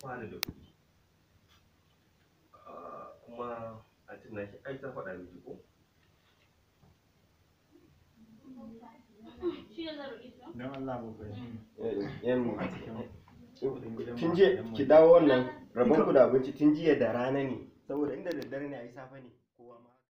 kwana da kuɗi ah, kuma cikin naki ai ta faɗa miki ko eh, kin je ki dawo wannan rabon ku da abinci tun jiya da rana ne saboda inda daddare ne a yi safe ne kowa ma